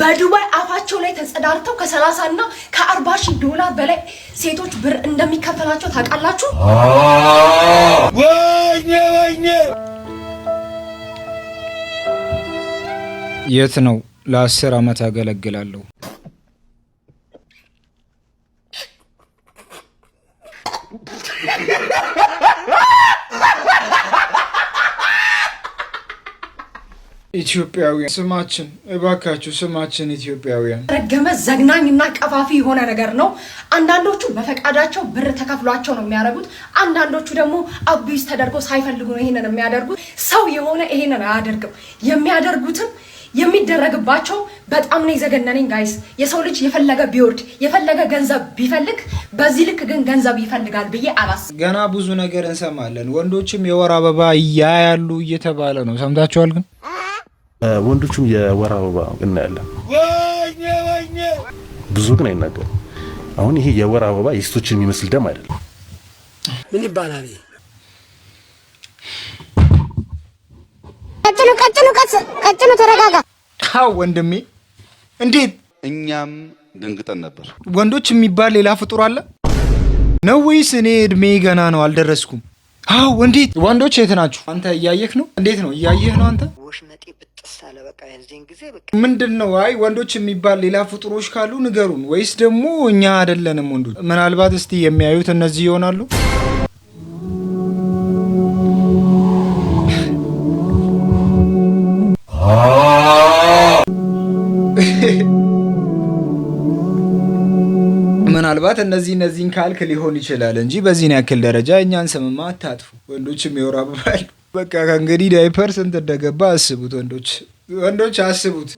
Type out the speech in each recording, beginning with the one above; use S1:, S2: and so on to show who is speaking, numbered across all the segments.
S1: በዱባይ አፋቸው ላይ ተጸዳርተው ከ30 እና ከ40 ሺህ ዶላር በላይ ሴቶች ብር እንደሚከፈላቸው ታውቃላችሁ? ወይኔ ወይኔ! የት ነው ለአስር አመት አገለግላለሁ ኢትዮጵያውያን ስማችን እባካችሁ ስማችን ኢትዮጵያውያን ረገመ ዘግናኝ እና ቀፋፊ የሆነ ነገር ነው። አንዳንዶቹ በፈቃዳቸው ብር ተከፍሏቸው ነው የሚያደርጉት። አንዳንዶቹ ደግሞ አቢዩዝ ተደርጎ ሳይፈልጉ ነው ይሄንን የሚያደርጉት። ሰው የሆነ ይሄንን አያደርግም። የሚያደርጉትም የሚደረግባቸው በጣም ነው የዘገነነኝ ጋይስ። የሰው ልጅ የፈለገ ቢወርድ የፈለገ ገንዘብ ቢፈልግ በዚህ ልክ ግን ገንዘብ ይፈልጋል ብዬ አላስ ገና ብዙ ነገር እንሰማለን። ወንዶችም የወር አበባ እያያሉ እየተባለ ነው። ሰምታችኋል ግን ወንዶቹም የወር አበባ እናያለን። ብዙ ግን አይናገርም። አሁን ይሄ የወር አበባ የሴቶችን የሚመስል ደም አይደለም። ምን ይባላል? ቀጭኑ ቀጭኑ ቀጭኑ ተረጋጋ። አዎ ወንድሜ፣ እንዴት እኛም ደንግጠን ነበር። ወንዶች የሚባል ሌላ ፍጡር አለ ነው ወይስ እኔ እድሜ ገና ነው አልደረስኩም? አዎ እንዴት ወንዶች የት ናችሁ? አንተ እያየህ ነው? እንዴት ነው እያየህ ነው አንተ አለ። በቃ የዚህን ጊዜ በቃ ምንድን ነው አይ ወንዶች የሚባል ሌላ ፍጡሮች ካሉ ንገሩን፣ ወይስ ደግሞ እኛ አይደለንም ወንዶች? ምናልባት እስቲ የሚያዩት እነዚህ ይሆናሉ። ምናልባት እነዚህ እነዚህን ካልክ ሊሆን ይችላል እንጂ በዚህን ያክል ደረጃ እኛን ስምማ አታጥፉ። ወንዶች የሚወራ በቃ ከእንግዲህ ዳይፐር ስንት እንደገባ አስቡት ወንዶች። ወንዶች አስቡት።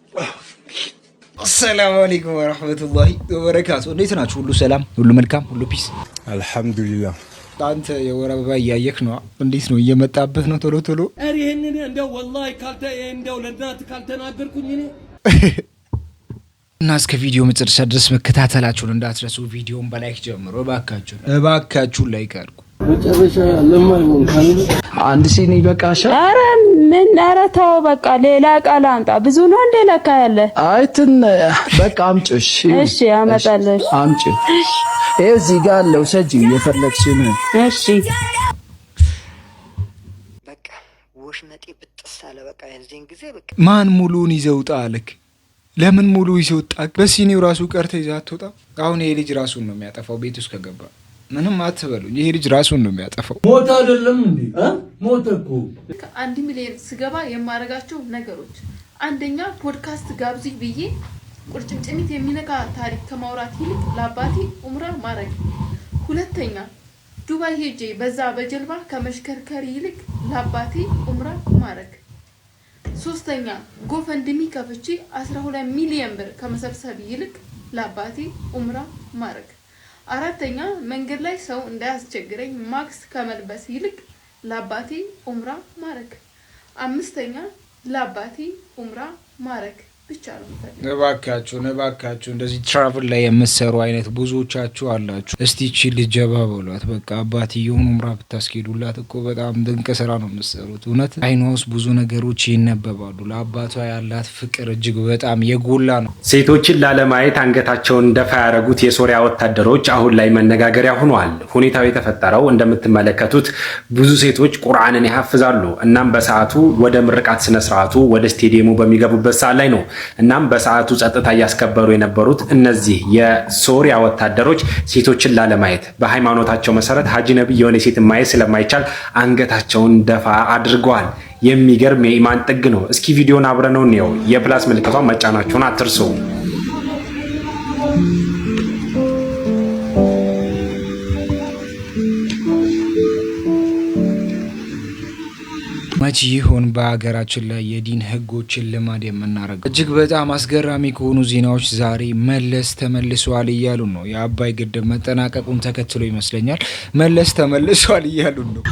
S1: አሰላሙ አለይኩም ወረህመቱላሂ ወበረካቱ። እንዴት ናችሁ? ሁሉ ሰላም፣ ሁሉ መልካም፣ ሁሉ ፒስ። አልሐምዱሊላህ። አንተ የወር አበባ እያየክ ነው። እንዴት ነው? እየመጣበት ነው ቶሎ ቶሎ። ይህንን እንደው ወላሂ ካልተ እንደው ለእናት ካልተናገርኩኝ እኔ እና እስከ ቪዲዮ መጨረሻ ድረስ መከታተላችሁን እንዳትረሱ። ቪዲዮን በላይክ ጀምሮ እባካችሁን እባካችሁን ላይክ አድርጉ። አንድ ሲኒ ይበቃሻል። ኧረ ምን ኧረ ተው በቃ ሌላ ዕቃ ላምጣ። ብዙ ነው እንደ ለካ ያለ አይትን በቃ አምጪው። እሺ አምጪው። ይኸው እዚህ ጋር አለው። ሰጂ ነው። እሺ በቃ ወሽመጤ ብጥስ አለ። በቃ የዚህን ጊዜ በቃ ማን ሙሉውን ይዘውጣ አልክ ለምን ሙሉ ይዘውጣ በሲኒው ራሱ ቀርተ ይዛ አትወጣም? አሁን ይሄ ልጅ ራሱን ነው የሚያጠፋው ቤት ውስጥ ከገባ ምንም አትበሉ። ይሄ ልጅ ራሱን ነው የሚያጠፋው። ሞት አይደለም እንዴ? ሞት እኮ አንድ ሚሊዮን ስገባ የማደርጋቸው ነገሮች አንደኛ ፖድካስት ጋብዚ ብዬ ቁርጭምጭሚት የሚነካ ታሪክ ከማውራት ይልቅ ለአባቴ ኡምራ ማድረግ፣ ሁለተኛ ዱባይ ሄጄ በዛ በጀልባ ከመሽከርከር ይልቅ ለአባቴ ኡምራ ማድረግ፣ ሶስተኛ ጎፈንድሚ ከፍቼ 12 ሚሊዮን ብር ከመሰብሰብ ይልቅ ለአባቴ ኡምራ ማድረግ አራተኛ መንገድ ላይ ሰው እንዳያስቸግረኝ ማክስ ከመልበስ ይልቅ ለአባቴ ኡምራ ማረክ አምስተኛ ለአባቴ ኡምራ ማረክ። እባካችሁ እባካችሁ እንደዚህ ትራቭል ላይ የምትሰሩ አይነት ብዙዎቻችሁ አላችሁ። እስቲ ቺ በሏት። በቃ አባት የሆኑ ምራ ብታስኬዱላት እኮ በጣም ድንቅ ስራ ነው የምትሰሩት። እውነት አይኗ ውስጥ ብዙ ነገሮች ይነበባሉ። ለአባቷ ያላት ፍቅር እጅግ በጣም የጎላ ነው። ሴቶችን ላለማየት አንገታቸውን ደፋ ያደረጉት የሶሪያ ወታደሮች አሁን ላይ መነጋገሪያ ሆኗል። ሁኔታው የተፈጠረው እንደምትመለከቱት ብዙ ሴቶች ቁርአንን ያሐፍዛሉ። እናም በሰዓቱ ወደ ምርቃት ስነስርዓቱ ወደ ስቴዲየሙ በሚገቡበት ሰዓት ላይ ነው እናም በሰዓቱ ጸጥታ እያስከበሩ የነበሩት እነዚህ የሶሪያ ወታደሮች ሴቶችን ላለማየት በሃይማኖታቸው መሰረት ሀጂ ነቢይ የሆነ ሴት ማየት ስለማይቻል አንገታቸውን ደፋ አድርገዋል። የሚገርም የኢማን ጥግ ነው። እስኪ ቪዲዮን አብረነው እንየው። የፕላስ ምልክቷን መጫናችሁን አትርሱ። መች ይሆን በሀገራችን ላይ የዲን ህጎችን ልማድ የምናደርገው? እጅግ በጣም አስገራሚ ከሆኑ ዜናዎች ዛሬ መለስ ተመልሷል እያሉ ነው። የአባይ ግድብ መጠናቀቁን ተከትሎ ይመስለኛል መለስ ተመልሷል እያሉ ነው።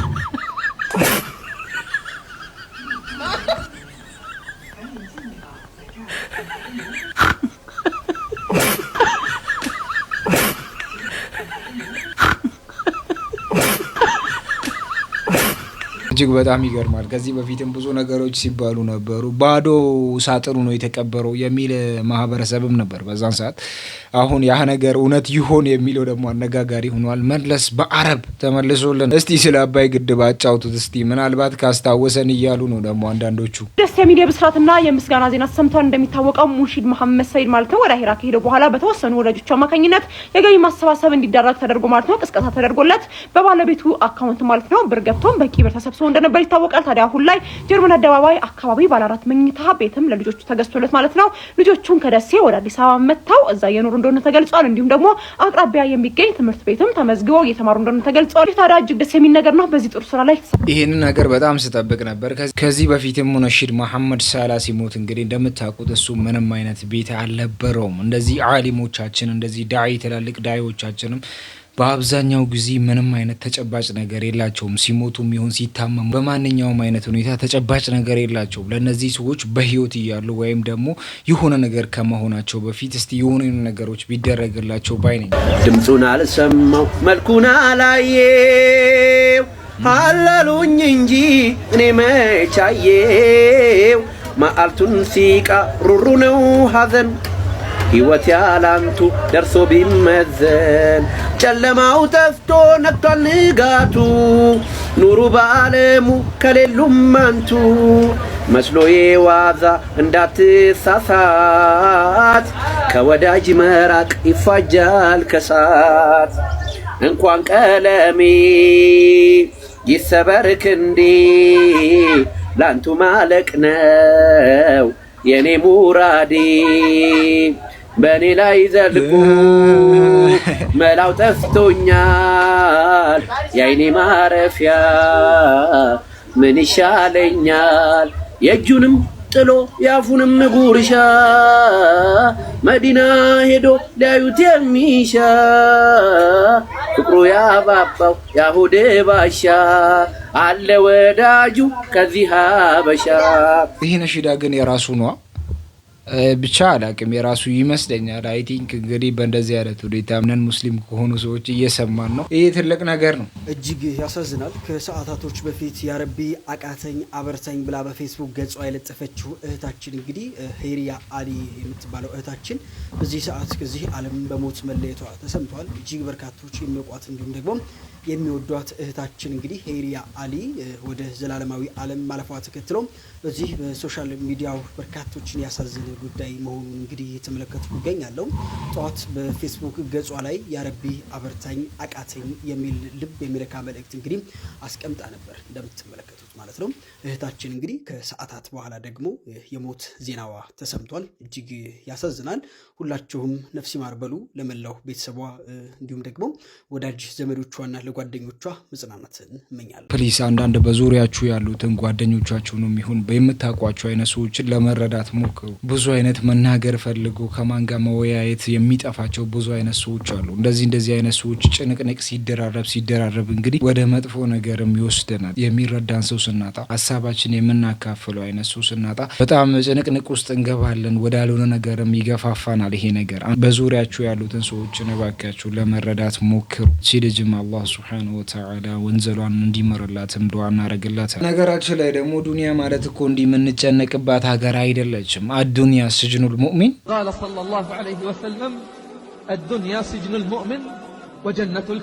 S1: እጅግ በጣም ይገርማል። ከዚህ በፊትም ብዙ ነገሮች ሲባሉ ነበሩ። ባዶ ሳጥኑ ነው የተቀበረው የሚል ማህበረሰብም ነበር በዛን ሰዓት። አሁን ያ ነገር እውነት ይሆን የሚለው ደግሞ አነጋጋሪ ሆኗል። መለስ በአረብ ተመልሶልን። እስቲ ስለ አባይ ግድብ አጫውቱት እስቲ ምናልባት ካስታወሰን እያሉ ነው ደግሞ አንዳንዶቹ። ደስ የሚዲያ ብስራትና የምስጋና ዜና ሰምቷል። እንደሚታወቀው ሙንሺድ መሐመድ ሰይድ ማለት ነው ወደ ሄራ ከሄደው በኋላ በተወሰኑ ወዳጆቹ አማካኝነት የገቢ ማሰባሰብ እንዲደረግ ተደርጎ ማለት ነው ቅስቀሳ ተደርጎለት በባለቤቱ አካውንት ማለት ነው ብር ገብቶም በቂ ብር ተሰብስቦ ተገዝቶ እንደነበር ይታወቃል። ታዲያ አሁን ላይ ጀርመን አደባባይ አካባቢ ባለአራት መኝታ ቤትም ለልጆቹ ተገዝቶለት ማለት ነው። ልጆቹን ከደሴ ወደ አዲስ አበባ መጥተው እዛ የኖሩ እንደሆነ ተገልጿል። እንዲሁም ደግሞ አቅራቢያ የሚገኝ ትምህርት ቤትም ተመዝግበው እየተማሩ እንደሆነ ተገልጿል። ታዲያ እጅግ ደስ የሚል ነገር ነው። በዚህ ጥሩ ስራ ላይ ይህንን ነገር በጣም ስጠብቅ ነበር። ከዚህ በፊትም ሙነሺድ መሐመድ ሳላ ሲሞት እንግዲህ እንደምታውቁት እሱ ምንም አይነት ቤት አልነበረውም። እንደዚህ አሊሞቻችን እንደዚህ ዳይ ትላልቅ ዳይዎቻችንም በአብዛኛው ጊዜ ምንም አይነት ተጨባጭ ነገር የላቸውም። ሲሞቱም ይሁን ሲታመሙ በማንኛውም አይነት ሁኔታ ተጨባጭ ነገር የላቸውም። ለእነዚህ ሰዎች በህይወት እያሉ ወይም ደግሞ የሆነ ነገር ከመሆናቸው በፊት እስቲ የሆነ ነገሮች ቢደረግላቸው ባይ ነኝ። ድምፁን አልሰማው መልኩን አላየው አላሉኝ እንጂ እኔ መቻየው ማአልቱን ሲቃ ሩሩ ነው ሀዘን ሕይወት ያላንቱ ደርሶ ቢመዘን ጨለማው ጠፍቶ ነግቷል ንጋቱ ኑሩ በዓለሙ ከሌሉም አንቱ መስሎ የዋዛ እንዳትሳሳት ከወዳጅ መራቅ ይፋጃል ከሳት እንኳን ቀለሜ ይሰበር ክንዴ ላንቱ ማለቅ ነው የኔ ሙራዴ በሌላ ይዘልቁ መላው ጠፍቶኛል የአይኔ ማረፊያ ምን ይሻለኛል የእጁንም ጥሎ የአፉንም ጉርሻ መዲና ሄዶ ሊያዩት የሚሻ ፍቅሩ ያባባው ያሁድ ባሻ አለ ወዳጁ ከዚህ ሀበሻ ይህ ነሽዳ ግን የራሱ ነዋ። ብቻ አላቅም የራሱ ይመስለኛል። አይ ቲንክ እንግዲህ በእንደዚህ አይነት ሁኔታ ምነን ሙስሊም ከሆኑ ሰዎች እየሰማን ነው። ይህ ትልቅ ነገር ነው። እጅግ ያሳዝናል። ከሰዓታቶች በፊት ያረቢ አቃተኝ አበርታኝ ብላ በፌስቡክ ገጿ የለጠፈችው እህታችን እንግዲህ ሄሪያ አሊ የምትባለው እህታችን በዚህ ሰዓት ከዚህ ዓለም በሞት መለየቷ ተሰምቷል። እጅግ በርካቶች የሚያውቋት እንዲሁም ደግሞ የሚወዷት እህታችን እንግዲህ ሄሪያ አሊ ወደ ዘላለማዊ ዓለም ማለፏ ተከትሎም በዚህ በሶሻል ሚዲያው በርካቶችን ያሳዘነ ጉዳይ መሆኑን እንግዲህ የተመለከትኩ ይገኛለሁ። ጠዋት በፌስቡክ ገጿ ላይ ያረቢ አበርታኝ አቃተኝ የሚል ልብ የሚለካ መልእክት እንግዲህ አስቀምጣ ነበር እንደምትመለከቱት ማለት ነው። እህታችን እንግዲህ ከሰዓታት በኋላ ደግሞ የሞት ዜናዋ ተሰምቷል። እጅግ ያሳዝናል። ሁላችሁም ነፍስ ይማር በሉ ለመላው ቤተሰቧ እንዲሁም ደግሞ ወዳጅ ዘመዶቿና ለጓደኞቿ መጽናናትን እመኛለሁ። ፕሊስ አንዳንድ በዙሪያችሁ ያሉትን ጓደኞቻችሁንም የሚሆን የምታውቋቸው አይነት ሰዎችን ለመረዳት ሞክሩ። ብዙ አይነት መናገር ፈልጉ። ከማን ጋር መወያየት የሚጠፋቸው ብዙ አይነት ሰዎች አሉ። እንደዚህ እንደዚህ አይነት ሰዎች ጭንቅንቅ ሲደራረብ ሲደራረብ እንግዲህ ወደ መጥፎ ነገርም ይወስደናል። የሚረዳን ሰው ስናጣ፣ ሀሳባችን የምናካፍለው አይነት ሰው ስናጣ በጣም ጭንቅንቅ ውስጥ እንገባለን። ወዳልሆነ ነገርም ይገፋፋናል። ይሄ ነገር በዙሪያችሁ ያሉትን ሰዎችን እባካችሁ ለመረዳት ሞክሩ። ቺ ልጅም አላህ ስብሓነሁ ወተዓላ ወንዘሏን እንዲመርላትም ዱዓ እናደርግላታል። ነገራችን ላይ ደግሞ ዱኒያ ማለት እኮ እንዲህ የምንጨነቅባት ሀገር አይደለችም። አዱንያ ስጅኑል ሙእሚን ቃለ ሰለላሁ ዐለይሂ ወሰለም አዱንያ ስጅኑል ሙእሚን ወጀነቱል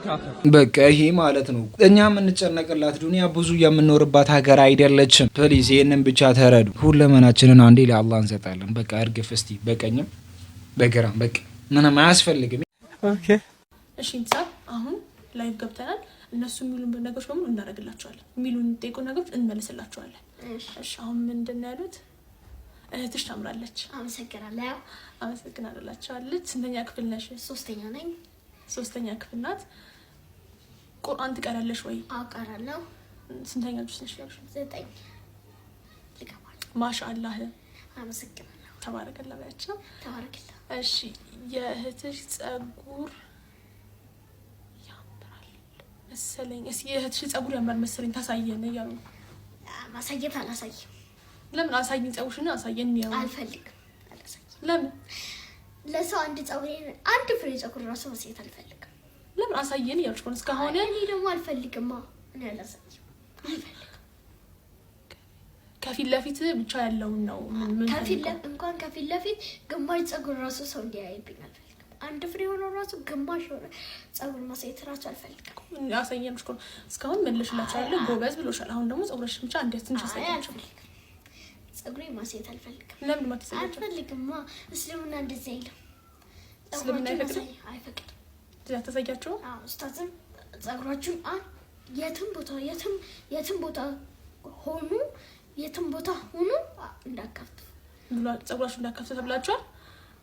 S1: በቃ ይሄ ማለት ነው። እኛ የምንጨነቅላት ዱንያ ብዙ የምንኖርባት ሀገር አይደለችም። ፕሊዝ ይህንን ብቻ ተረዱ። ሁለመናችንን አንዴ ለአላ እንሰጣለን። በቃ እርግፍ እስቲ በቀኝም በግራም በቃ ምንም አያስፈልግም። እሺ፣ አሁን ላይ ገብተናል። እነሱ የሚሉን ነገሮች በሙሉ እናደርግላቸዋለን። የሚሉን ጠይቁ ነገሮች እንመልስላቸዋለን። እሺ አሁን ምንድን ነው ያሉት? እህትሽ ታምራለች። አመሰግናለሁ። አመሰግናለሁ አመሰግናላቸዋለች። ስንተኛ ክፍል ነሽ? ሶስተኛ ነኝ። ሶስተኛ ክፍል ናት። ቁርአን ትቀራለሽ ወይ? አቀራለሁ። ስንተኛ ልጅ ነሽ? ዘጠኝ። ማሻአላህ። አመሰግናለሁ። ተባረከላ በያቸው። ተባረከላ። እሺ የእህትሽ ጸጉር መሰለኝ እስ የእህትሽ ጸጉር ያምራል መሰለኝ ታሳየን እያሉ ማሳየት አላሳይም። ለምን አሳይኝ? ፀጉርሽን አሳየን ያው አልፈልግም። ለምን ለሰው አንድ ጸጉር አንድ ፍሬ ጸጉር ራሱ ማሳየት አልፈልግም። ለምን አሳየን እያልሽ ነው እስካሁን። እኔ ደግሞ አልፈልግም። እኔ አላሳይም። ከፊት ለፊት ብቻ ያለውን ነው። ከፊት እንኳን ከፊት ለፊት ግማሽ ጸጉር ራሱ ሰው እንዲያይብኝ አልፈልግም። አንድ ፍሬ ሆኖ ራሱ ግማሽ የሆነ ጸጉር ማሳየት ራሱ አልፈልግም። ያሳየን እኮ እስካሁን መልሽላችኋለሁ፣ ጎበዝ ብሎሻል። አሁን ደግሞ ጸጉረሽ ብቻ እንዴት ትንሽ አልፈልግም። ጸጉሬ ማሳየት አልፈልግም። ለምን እስልምና እንደዚህ አይልም። አይፈቅድም። ጸጉራችሁን የትም ቦታ የትም የትም ቦታ ሆኑ የትም ቦታ ሆኑ እንዳካፍቱ ብሏል። ጸጉራችሁ እንዳካፍቱ ተብላችኋል።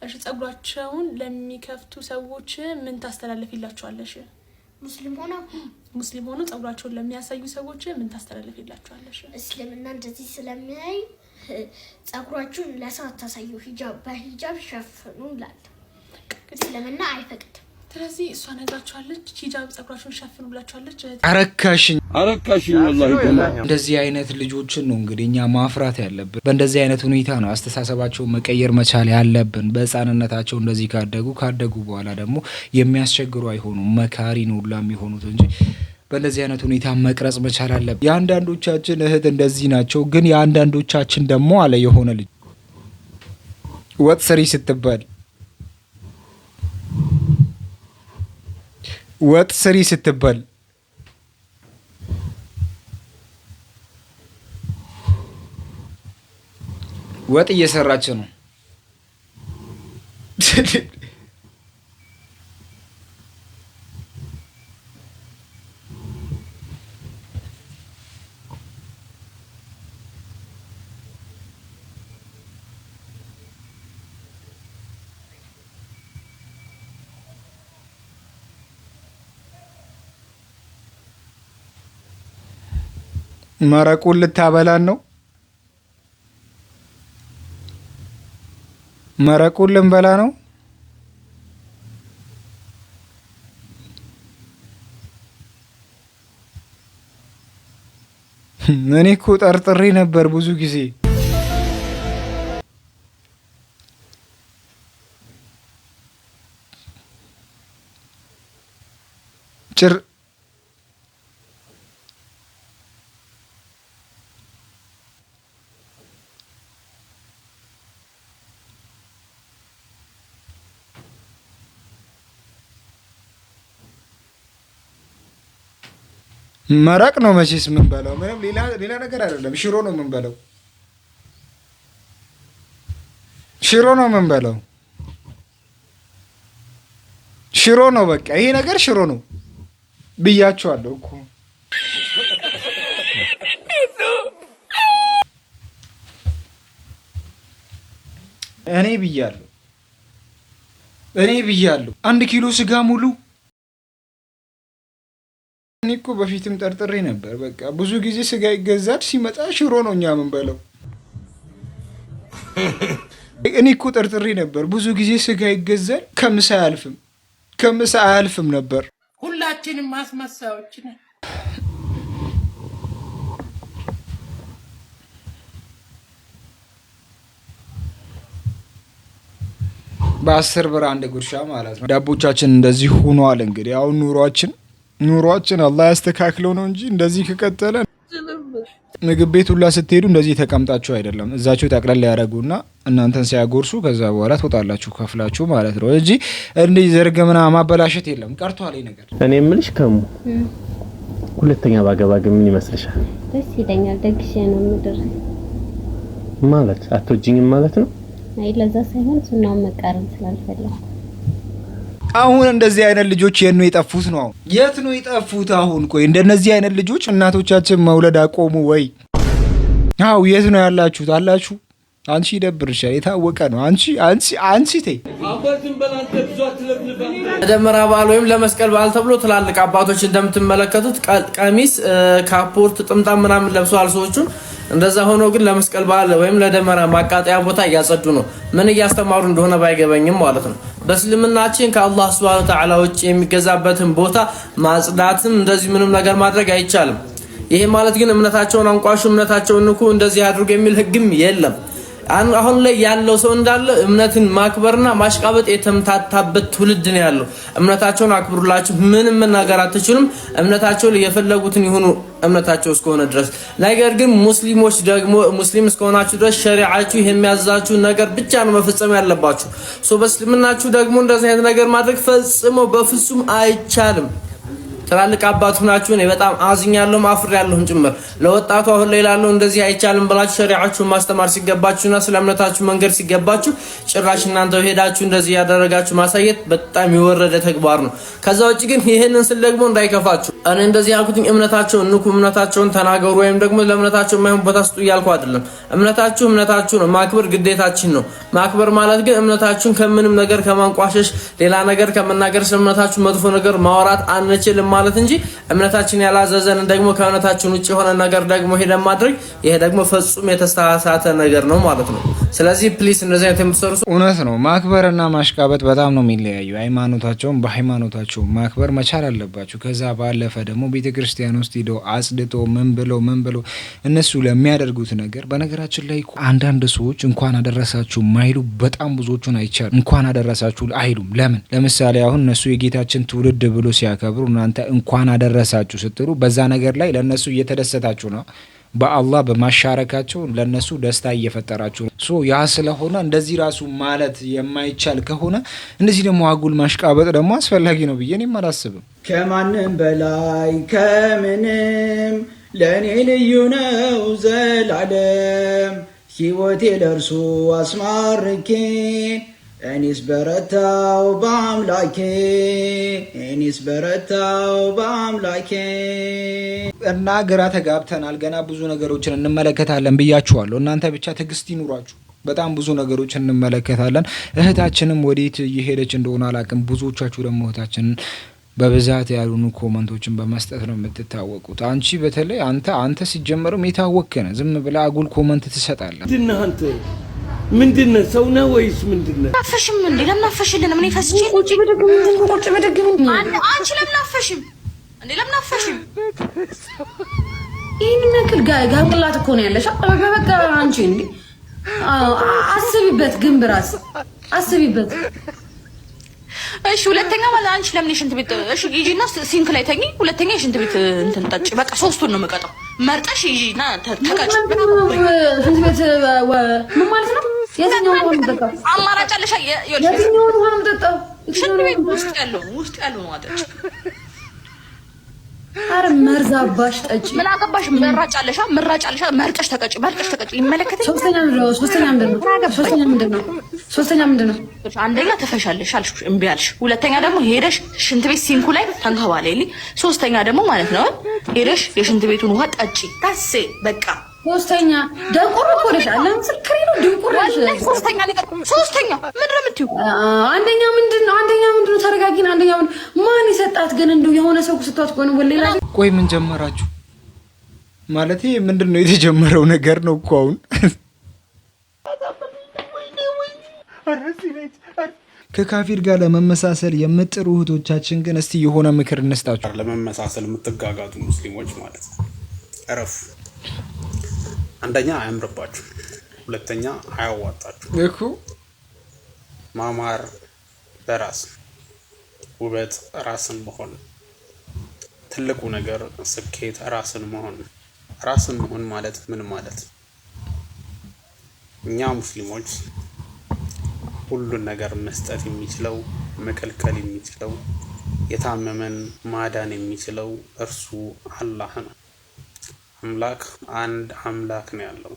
S1: እሺ ጸጉራቸውን ለሚከፍቱ ሰዎች ምን ታስተላልፊላቸዋለሽ? ሙስሊም ሆኖ ሙስሊም ሆኖ ጸጉራቸውን ለሚያሳዩ ሰዎች ምን ታስተላልፊላቸዋለሽ? እስልምና እንደዚህ ስለሚያይ ጸጉራችሁን ለሰው አታሳዩ፣ ሂጃብ በሂጃብ ሸፍኑ ላለ እስልምና አይፈቅድም። ስለዚህ እሷ ነግራችኋለች፣ ሂጃብ ጸጉራችሁን ሸፍኑ ብላችኋለች። አረካሽኝ አረካሽኝ ወላሂ እንደዚህ አይነት ልጆችን ነው እንግዲህ እኛ ማፍራት ያለብን። በእንደዚህ አይነት ሁኔታ ነው አስተሳሰባቸውን መቀየር መቻል ያለብን። በህፃንነታቸው እንደዚህ ካደጉ ካደጉ በኋላ ደግሞ የሚያስቸግሩ አይሆኑም መካሪ ነው ሁላ የሚሆኑት እንጂ በእንደዚህ አይነት ሁኔታ መቅረጽ መቻል አለብን። የአንዳንዶቻችን እህት እንደዚህ ናቸው፣ ግን የአንዳንዶቻችን ደግሞ አለ የሆነ ልጅ ወጥ ስሪ ስትባል ወጥ ስሪ ስትባል ወጥ እየሰራች ነው። መረቁን ልታበላን ነው? መረቁን ልንበላ ነው? እኔ እኮ ጠርጥሬ ነበር ብዙ ጊዜ። ጭር መረቅ ነው መቼስ የምንበላው። ምንም ሌላ ነገር አይደለም። ሽሮ ነው የምንበላው። ሽሮ ነው የምንበላው። ሽሮ ነው በቃ፣ ይሄ ነገር ሽሮ ነው ብያችኋለሁ እኮ። እኔ ብያለሁ፣ እኔ ብያለሁ። አንድ ኪሎ ስጋ ሙሉ እኔ እኮ በፊትም ጠርጥሬ ነበር። በቃ ብዙ ጊዜ ስጋ ይገዛል፣ ሲመጣ ሽሮ ነው እኛ የምንበለው። እኔ እኮ ጠርጥሬ ነበር። ብዙ ጊዜ ስጋ ይገዛል፣ ከምሳ አያልፍም፣ ከምሳ አያልፍም ነበር። ሁላችንም ማስመሳዎች ነን። በአስር ብር አንድ ጉርሻ ማለት ነው። ዳቦቻችን እንደዚህ ሆኗል። እንግዲህ አሁን ኑሯችን ኑሯችን አላህ ያስተካክለው ነው እንጂ እንደዚህ ከቀጠለ ምግብ ቤት ሁላ ስትሄዱ እንደዚህ ተቀምጣችሁ አይደለም፣ እዛችሁ ጠቅለል ያደረጉና እናንተን ሲያጎርሱ ከዛ በኋላ ትወጣላችሁ ከፍላችሁ ማለት ነው እንጂ እንዲህ ዘርግ ምና ማበላሸት የለም። ቀርቷል ነገር። እኔ የምልሽ ከሙ ሁለተኛ ባገባ ግን ምን ይመስልሻል? ደስ ይለኛል። ደግሼ ነው ምድር ማለት አትወጂኝም ማለት ነው? አይ ለዛ ሳይሆን ሱናውን መቃረን ስላልፈለኩ አሁን እንደዚህ አይነት ልጆች የት ነው የጠፉት? ነው አሁን የት ነው የጠፉት? አሁን ቆይ እንደነዚህ አይነት ልጆች እናቶቻችን መውለድ አቆሙ ወይ? አው የት ነው ያላችሁት? አላችሁ አንቺ ይደብርሻል። የታወቀ ነው። አንቺ አንቺ አንቺ ቴ ለደመራ በዓል ወይም ለመስቀል በዓል ተብሎ ትላልቅ አባቶች እንደምትመለከቱት ቀሚስ፣ ካፖርት፣ ጥምጣም ምናምን ለብሰዋል ሰዎቹ እንደዛ ሆኖ ግን ለመስቀል በዓል ወይም ለደመራ ማቃጠያ ቦታ እያጸዱ ነው። ምን እያስተማሩ እንደሆነ ባይገበኝም ማለት ነው። በእስልምናችን ከአላህ ስብሃነ ተዓላ ውጭ የሚገዛበትን ቦታ ማጽዳትም እንደዚህ ምንም ነገር ማድረግ አይቻልም። ይሄ ማለት ግን እምነታቸውን አንቋሹ፣ እምነታቸውን ንኩ፣ እንደዚህ አድርጉ የሚል ህግም የለም። አሁን ላይ ያለው ሰው እንዳለ እምነትን ማክበርና ማሽቃበጥ የተምታታበት ትውልድ ነው ያለው። እምነታቸውን አክብሩላችሁ፣ ምንም መናገር አትችሉም። እምነታቸው የፈለጉትን የሆኑ እምነታቸው እስከሆነ ድረስ። ነገር ግን ሙስሊሞች ደግሞ ሙስሊም እስከሆናችሁ ድረስ ሸሪዓችሁ የሚያዛችሁ ነገር ብቻ ነው መፈጸም ያለባችሁ። በእስልምናችሁ ደግሞ እንደዚህ አይነት ነገር ማድረግ ፈጽሞ በፍጹም አይቻልም። ትላልቅ አባት ሁናችሁ እኔ በጣም አዝኛለሁም አፍሬያለሁም ጭምር። ለወጣቱ አሁን ላይ ላለው እንደዚህ አይቻልም ብላችሁ ሸሪዓችሁን ማስተማር ሲገባችሁና ስለ እምነታችሁ መንገድ ሲገባችሁ ጭራሽ እናንተ ሄዳችሁ እንደዚህ ያደረጋችሁ ማሳየት በጣም የወረደ ተግባር ነው። ከዛ ውጭ ግን ይህንን ስል ደግሞ እንዳይከፋችሁ እኔ እንደዚህ ያልኩትኝ እምነታቸውን ንኩ፣ እምነታቸውን ተናገሩ ወይም ደግሞ ለእምነታቸው የማይሆን ቦታ ስጡ እያልኩ አይደለም። እምነታችሁ እምነታችሁ ነው፣ ማክበር ግዴታችን ነው። ማክበር ማለት ግን እምነታችሁን ከምንም ነገር ከማንቋሸሽ፣ ሌላ ነገር ከመናገር፣ ስለ እምነታችሁ መጥፎ ነገር ማውራት አንችልም። ማለት እንጂ እምነታችን ያላዘዘን ደግሞ ከእምነታችን ውጭ የሆነ ነገር ደግሞ ሄደን ማድረግ ይሄ ደግሞ ፈጹም የተሳሳተ ነገር ነው ማለት ነው። ስለዚህ ፕሊስ እንደዚህ አይነት የምትሰሩ እውነት ነው። ማክበርና ማሽቃበጥ በጣም ነው የሚለያዩ። ሃይማኖታቸውን በሃይማኖታቸው ማክበር መቻል አለባቸው። ከዛ ባለፈ ደግሞ ቤተ ክርስቲያን ውስጥ ሂደው አጽድቶ ምን ብለው ምን ብለው እነሱ ለሚያደርጉት ነገር በነገራችን ላይ አንዳንድ ሰዎች እንኳን አደረሳችሁ ማይሉ በጣም ብዙዎቹን አይቻሉ። እንኳን አደረሳችሁ አይሉም። ለምን? ለምሳሌ አሁን እነሱ የጌታችን ትውልድ ብሎ ሲያከብሩ እናንተ እንኳን አደረሳችሁ ስትሉ በዛ ነገር ላይ ለእነሱ እየተደሰታችሁ ነው በአላህ በማሻረካቸው ለነሱ ደስታ እየፈጠራችሁ ነው። ሶ ያ ስለሆነ እንደዚህ ራሱ ማለት የማይቻል ከሆነ እንደዚህ ደግሞ አጉል ማሽቃበጥ ደግሞ አስፈላጊ ነው ብዬ እኔም አላስብም። ከማንም በላይ ከምንም ለእኔ ልዩ ነው ዘላለም ሕይወቴ ለእርሱ አስማርኬ እኔስ በረታው በአምላኬ እኔስ በረታው በአምላኬ እና ግራ ተጋብተናል። ገና ብዙ ነገሮችን እንመለከታለን ብያችኋለሁ። እናንተ ብቻ ትዕግስት ይኑሯችሁ። በጣም ብዙ ነገሮች እንመለከታለን። እህታችንም ወዴት እየሄደች እንደሆነ አላውቅም። ብዙዎቻችሁ ደግሞ እህታችንን በብዛት ያሉኑ ኮመንቶችን በመስጠት ነው የምትታወቁት። አንቺ በተለይ አንተ አንተ ሲጀመርም የታወከነ ዝም ብለህ አጉል ኮመንት ትሰጣለህ። ምንድነ ሰው ነው ወይስ ምንድነ? ነህ? አፈሽም እንዴ? ለምን አፈሽልን? ምን ይፈስጭ? ቁጭ ብድግ ምን ቁጭ ብድግ ምን? አንቺ ለምን አፈሽም እንዴ? ለምን አፈሽም? ይሄን ያክል ጋንቅላት እኮ ነው ያለሽ። በቃ በቃ አንቺ እንዴ አስቢበት፣ ግን ብራስ አስቢበት። እሺ ሁለተኛ ማለት አንቺ ለምን የሽንት ቤት እሺ፣ ሂጂና ሲንክ ላይ ተኚ። ሁለተኛ የሽንት ቤት እንትን ጠጪ። በቃ ሶስቱን ነው የምቀጣው። መርጠሽ ሂጂና ተቀጭ። ሽንት ቤት ምን ማለት ነው? የትኛውን ውሃ የምጠጣው? አማራጭ አለሽ? የትኛውን ውሃ የምጠጣው? ሽንት ቤት ውስጥ ያለው ውስጥ ያለው ነው አጠጭ። አረ መርዛ አባሽ ጠጪ። ምን አገባሽ? መራጭ አለሽ? መራጭ አለሽ? መርጠሽ ተቀጭ፣ መርጠሽ ተቀጭ። ይመለከተኝ። ሶስተኛ ምንድን ነው? ሶስተኛ ምንድን ነው? ሶስተኛ ምንድን ነው? ሶስተኛ ምንድን ነው? አንደኛ ተፈሻለሽ አልሽ፣ እምቢ አልሽ። ሁለተኛ ደግሞ ሄደሽ ሽንት ቤት ሲንኩ ላይ ተንከባለይልኝ። ሶስተኛ ደግሞ ማለት ነው ሄደሽ የሽንት ቤቱን ውሃ ጠጪ። ታሴ በቃ ሶስተኛ ደቁር እኮ ነሽ። ምስክሬ ነው። ድንቁር ነሽ። ሶስተኛ ሶስተኛ ምንድን ነው የምትይው? አንደኛ ምንድን ነው? አንደኛ ምንድን ነው? ተረጋጊን። አንደኛ ማን የሰጣት ግን? እንደው የሆነ ሰው ስቷት ጎን ወሌላ። ቆይ ምን ጀመራችሁ? ማለቴ ምንድን ነው የተጀመረው ነገር ነው እኮ አሁን ከካፊር ጋር ለመመሳሰል የምጥሩ እህቶቻችን ግን እስቲ የሆነ ምክር እንስጣችሁ። ለመመሳሰል የምትጋጋጡ ሙስሊሞች ማለት ነው። እረፉ አንደኛ አያምርባችሁ፣ ሁለተኛ አያዋጣችሁ። እኮ ማማር በራስ ውበት ራስን መሆን ትልቁ ነገር ስኬት ራስን መሆን። ራስን መሆን ማለት ምን ማለት? እኛ ሙስሊሞች ሁሉን ነገር መስጠት የሚችለው መከልከል የሚችለው የታመመን ማዳን የሚችለው እርሱ አላህ ነው። አምላክ አንድ አምላክ ነው ያለው።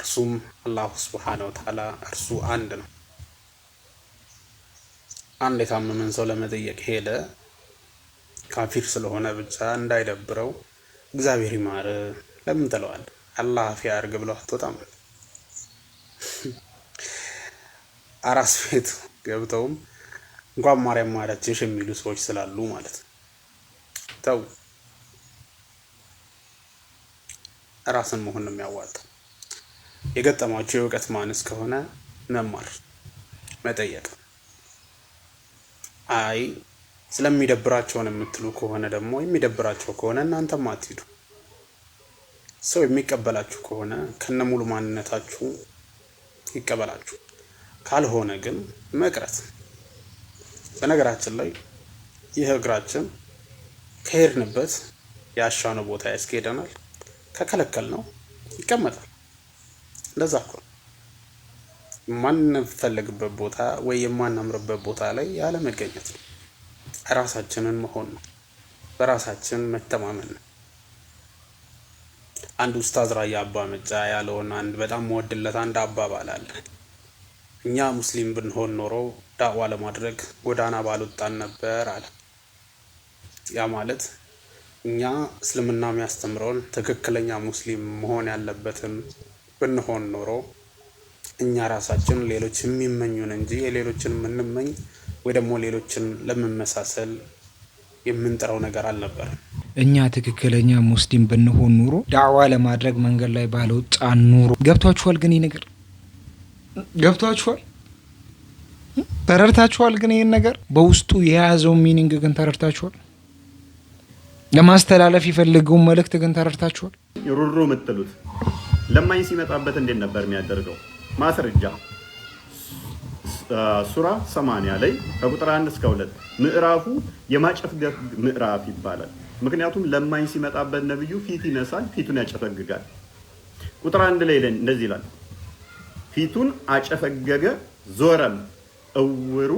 S1: እርሱም አላሁ ስብሓነ ወተዓላ እርሱ አንድ ነው። አንድ የታመመን ሰው ለመጠየቅ ሄደ። ካፊር ስለሆነ ብቻ እንዳይደብረው እግዚአብሔር ይማር ለምን ትለዋል? አላህ አፊያ አድርግ ብለው አትወጣም። አራስ ቤት ገብተውም እንኳን ማርያም ማረችሽ የሚሉ ሰዎች ስላሉ ማለት ነው። ተው ራስን መሆን ነው የሚያዋጣው። የገጠማችሁ የእውቀት ማነስ ከሆነ መማር፣ መጠየቅ። አይ ስለሚደብራቸውን የምትሉ ከሆነ ደግሞ የሚደብራቸው ከሆነ እናንተም አትሂዱ። ሰው የሚቀበላችሁ ከሆነ ከነሙሉ ማንነታችሁ ይቀበላችሁ፣ ካልሆነ ግን መቅረት። በነገራችን ላይ ይህ እግራችን ከሄድንበት ያሻነው ቦታ ያስኬደናል። ከከለከል ነው ይቀመጣል። እንደዛ እኮ የማንፈልግበት ቦታ ወይ የማናምርበት ቦታ ላይ ያለመገኘት ነው። ራሳችንን መሆን ነው። በራሳችን መተማመን ነው። አንድ ኡስታዝ ራያ አባ መጫ ያለውን አንድ በጣም መወድለት አንድ አባባል አለ። እኛ ሙስሊም ብንሆን ኖሮ ዳዋ ለማድረግ ጎዳና ባልወጣን ነበር አለ። ያ ማለት እኛ እስልምና የሚያስተምረውን ትክክለኛ ሙስሊም መሆን ያለበትን ብንሆን ኖሮ እኛ ራሳችን ሌሎች የሚመኙን እንጂ የሌሎችን የምንመኝ ወይ ደግሞ ሌሎችን ለመመሳሰል የምንጥረው ነገር አልነበርም። እኛ ትክክለኛ ሙስሊም ብንሆን ኑሮ ዳዕዋ ለማድረግ መንገድ ላይ ባለው ጫን ኑሮ ገብቷችኋል። ግን ይህ ነገር ገብቷችኋል፣ ተረድታችኋል። ግን ይህን ነገር በውስጡ የያዘው ሚኒንግ ግን ተረድታችኋል። ለማስተላለፍ የፈለገውን መልእክት ግን ተረድታችኋል። ሩሮ የምትሉት ለማኝ ሲመጣበት እንዴት ነበር የሚያደርገው? ማስረጃ ሱራ 80 ላይ ከቁጥር 1 እስከ 2 ምዕራፉ የማጨፍገግ ምዕራፍ ይባላል። ምክንያቱም ለማኝ ሲመጣበት ነብዩ ፊት ይነሳል፣ ፊቱን ያጨፈግጋል። ቁጥር አንድ ላይ እንደዚህ ይላል፣ ፊቱን አጨፈገገ ዞረም እውሩ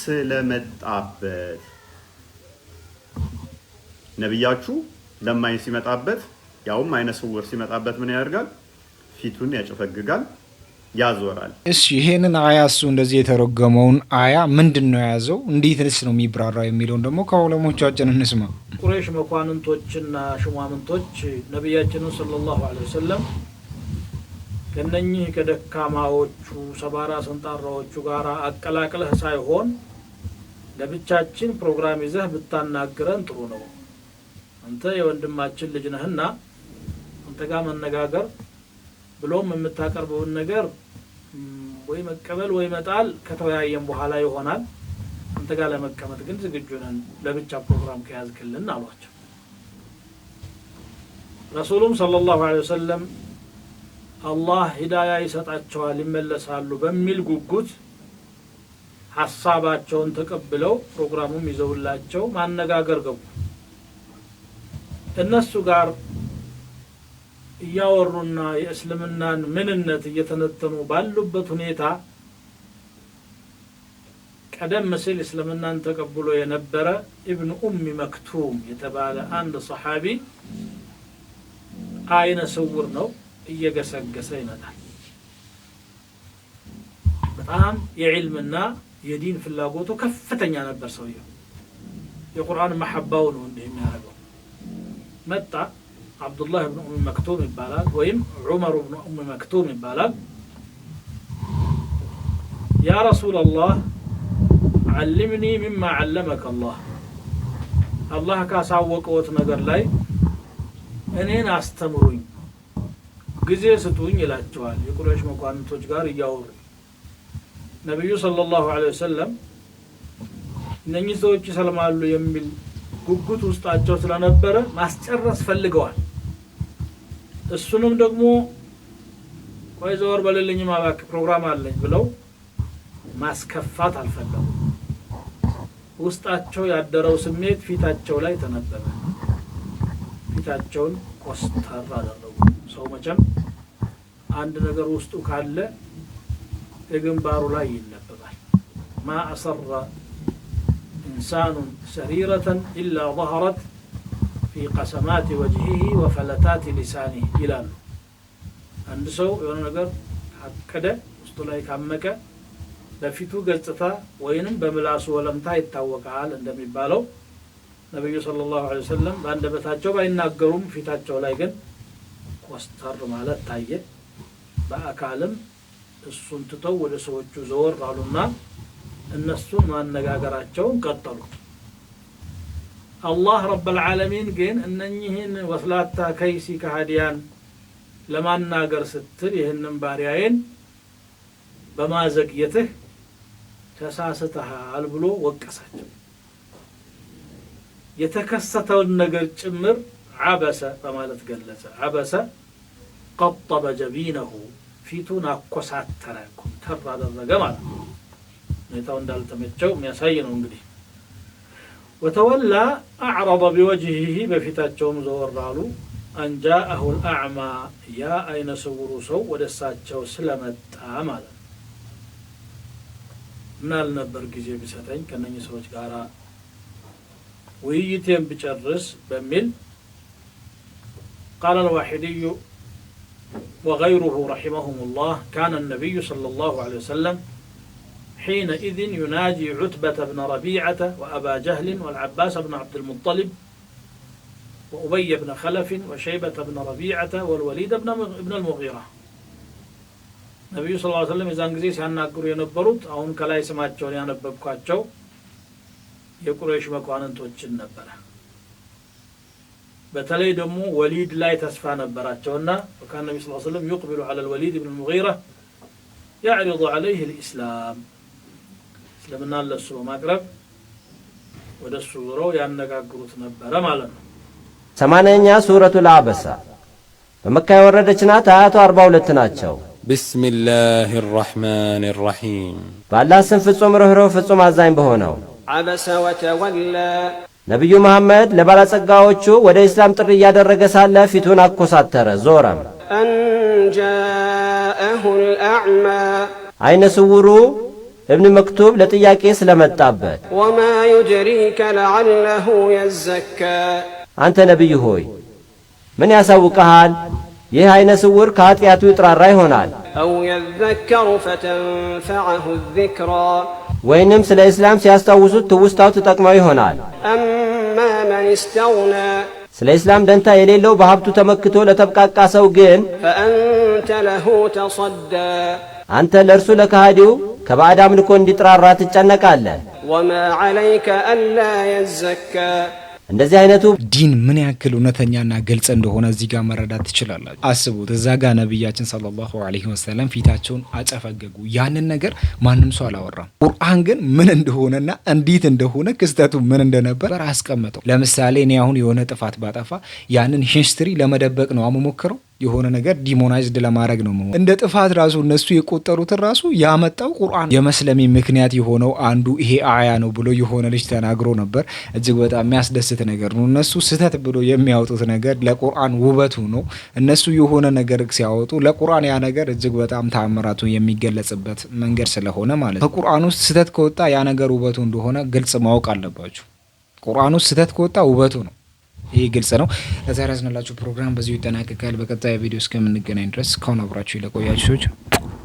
S1: ስለመጣበት ነቢያችሁ ለማኝ ሲመጣበት ያውም አይነ ስውር ሲመጣበት ምን ያደርጋል? ፊቱን ያጨፈግጋል፣ ያዞራል። እሺ ይሄንን አያ እሱ እንደዚህ የተረጎመውን አያ ምንድን ነው የያዘው? ንስ ነው የሚብራራው የሚለውን ደግሞ ከዑለሞቻችን እንስማ። ቁረይሽ መኳንንቶችና ሹማምንቶች ነቢያችንን ሰለላሁ ዐለይሂ ወሰለም ከነኚህ ከደካማዎቹ ሰባራ ሰንጣራዎቹ ጋር አቀላቅለህ ሳይሆን ለብቻችን ፕሮግራም ይዘህ ብታናግረን ጥሩ ነው አንተ የወንድማችን ልጅ ነህና አንተ ጋር መነጋገር ብሎም የምታቀርበውን ነገር ወይ መቀበል ወይ መጣል ከተወያየም በኋላ ይሆናል። አንተ ጋር ለመቀመጥ ግን ዝግጁ ነን ለብቻ ፕሮግራም ከያዝክልን አሏቸው። ረሱሉም ሰለላሁ ዐለይሂ ወሰለም አላህ ሂዳያ ይሰጣቸዋል ይመለሳሉ በሚል ጉጉት ሀሳባቸውን ተቀብለው ፕሮግራሙም ይዘውላቸው ማነጋገር ገቡ። እነሱ ጋር እያወሩና የእስልምናን ምንነት እየተነተኑ ባሉበት ሁኔታ ቀደም ሲል እስልምናን ተቀብሎ የነበረ ኢብን ኡሚ መክቱም የተባለ አንድ ሰሓቢ አይነ ስውር ነው፣ እየገሰገሰ ይመጣል። በጣም የዕልምና የዲን ፍላጎቱ ከፍተኛ ነበር። ሰውየው የቁርአን መሐባው ነው እንዲህ የሚያደርገው መጣ። አብዱላህ ብኑ ኡም መክቱም ይባላል፣ ወይም ዑመር ብኑ ኡም መክቱም ይባላል። ያ ረሱላላህ አልምኒ ሚማ አለመከ አላህ አላህ ካሳወቀዎት ነገር ላይ እኔን አስተምሩኝ፣ ጊዜ ስጡኝ ይላቸዋል። የቁረሽ መኳንቶች ጋር እያወሩ ነቢዩ ሰለላሁ ዐለይሂ ወሰለም እነኚህ ሰዎች ይሰልማሉ የሚል ጉጉት ውስጣቸው ስለነበረ ማስጨረስ ፈልገዋል። እሱንም ደግሞ ቆይ ዘወር በልልኝ ማባክ ፕሮግራም አለኝ ብለው ማስከፋት አልፈለጉ። ውስጣቸው ያደረው ስሜት ፊታቸው ላይ ተነበበ። ፊታቸውን ኮስተር አደረጉ። ሰው መቼም አንድ ነገር ውስጡ ካለ ግንባሩ ላይ ይነበባል። ማ አሰራ إنسان سريرة إلا ظهرت في قسمات وجهه وفلتات لسانه ይላሉ አንድ ሰው የሆነ ነገር አቀደ ውስጡ ላይ ካመቀ ለፊቱ ገጽታ ወይንም በምላሱ ወለምታ ይታወቃል እንደሚባለው ነቢዩ ሰለላሁ ዐለይሂ ወሰለም በአንደበታቸው ባይናገሩም ፊታቸው ላይ ግን ኮስተር ማለት ታየ። በአካልም እሱን ትተው ወደ ሰዎቹ ዘወር አሉና እነሱን ማነጋገራቸውን ቀጠሉ። አላህ ረብል ዓለሚን ግን እነኚህን ወስላታ ከይሲ ከሃዲያን ለማናገር ስትል ይህንን ባሪያዬን በማዘግየትህ ተሳስተሃል ብሎ ወቀሳቸው። የተከሰተውን ነገር ጭምር አበሰ በማለት ገለጸ። አበሰ ቀጠበ ጀቢነሁ ፊቱን አኮሳተረ ኩምተር አደረገ ማለት ነው። ሁኔታው እንዳልተመቸው የሚያሳይ ነው። እንግዲህ ወተወላ አዕረض ቢወጅሂ በፊታቸውም ዘወር አሉ። አንጃአሁ ልአዕማ ያ አይነ ስውሩ ሰው ወደ እሳቸው ስለመጣ ማለት ነው። ምን አልነበር ጊዜ ቢሰጠኝ ከነኚህ ሰዎች ጋር ውይይቴን ብጨርስ በሚል قال الواحدي وغيره رحمهم الله كان النبي صلى الله عليه وسلم حينئذ يناجي عتبة بن ربيعة وأبا جهل والعباس بن عبد المطلب وأبي بن خلف وشيبة بن ربيعة والوليد بن المغيرة النبي صلى الله عليه وسلم إذا انقزيس هنا قرر ينبروت أو انك لا يسمع يسمات أنا ينببك أتشو يقول إيش ما كان أنت وتشن نبرة بتلي دمو وليد لا يتسفى نبرة جونا وكان النبي صلى الله عليه وسلم يقبل على الوليد بن المغيرة يعرض عليه الإسلام እስልምናን ለሱ በማቅረብ ወደ እሱ ዞረው ያነጋግሩት ነበረ ማለት ነው። ሰማንያኛ ሱረቱል ለአበሳ በመካ የወረደች ናት። አያቱ አርባ ሁለት ናቸው። ቢስሚላህ ራሕማን ራሒም በአላህ ስም ፍጹም ርኅሩህ ፍጹም አዛኝ በሆነው አበሰ ወተወላ ነቢዩ መሐመድ ለባለጸጋዎቹ ወደ ኢስላም ጥሪ እያደረገ ሳለ ፊቱን አኮሳተረ ዞረም። አንጃአሁ ልአዕማ አይነ ስውሩ እብን መክቱብ ለጥያቄ ስለመጣበት ወማ ዩጅሪከ ለዓለሁ የዘካ አንተ ነቢይ ሆይ ምን ያሳውቀሃል? ይህ ዐይነ ስውር ከኀጢአቱ ይጥራራ ይሆናል። አው የዘከሩ ፈተንፈዐሁ ዚክራ ወይንም ስለ እስላም ሲያስታውሱት ትውስታው ትጠቅመው ይሆናል። አማ መን ስተውና ስለ እስላም ደንታ የሌለው በሀብቱ ተመክቶ ለተብቃቃ ሰው ግን ፈአንተ ለሁ ተሰዳ አንተ ለእርሱ ለከሃዲው ከባዕድ አምልኮ እንዲጥራራ ትጨነቃለህ። ወማ ዐለይከ አላ የዘካ እንደዚህ አይነቱ ዲን ምን ያክል እውነተኛና ግልጽ እንደሆነ እዚህ ጋር መረዳት ትችላላችሁ። አስቡት፣ እዛ ጋር ነቢያችን ሰለላሁ ዐለይሂ ወሰለም ፊታቸውን አጨፈገጉ። ያንን ነገር ማንም ሰው አላወራም። ቁርአን ግን ምን እንደሆነና እንዴት እንደሆነ ክስተቱ ምን እንደነበር አስቀምጠው። ለምሳሌ እኔ አሁን የሆነ ጥፋት ባጠፋ ያንን ሂስትሪ ለመደበቅ ነው አመሞክረው የሆነ ነገር ዲሞናይዝድ ለማድረግ ነው። እንደ ጥፋት ራሱ እነሱ የቆጠሩትን ራሱ ያመጣው ቁርአን የመስለሜ ምክንያት የሆነው አንዱ ይሄ አያ ነው ብሎ የሆነ ልጅ ተናግሮ ነበር። እጅግ በጣም የሚያስደስት ነገር ነው። እነሱ ስህተት ብሎ የሚያወጡት ነገር ለቁርአን ውበቱ ነው። እነሱ የሆነ ነገር ሲያወጡ ለቁርአን ያ ነገር እጅግ በጣም ታምራቱ የሚገለጽበት መንገድ ስለሆነ ማለት ነው። ከቁርአን ውስጥ ስህተት ከወጣ ያ ነገር ውበቱ እንደሆነ ግልጽ ማወቅ አለባችሁ። ቁርአን ውስጥ ስህተት ከወጣ ውበቱ ነው። ይህ ግልጽ ነው። ለዛሬ ያዝንላችሁ ፕሮግራም በዚሁ ይጠናቀቃል። በቀጣይ ቪዲዮ እስከምንገናኝ ድረስ ከሁን አብራችሁ ለቆያችሁ ሰዎች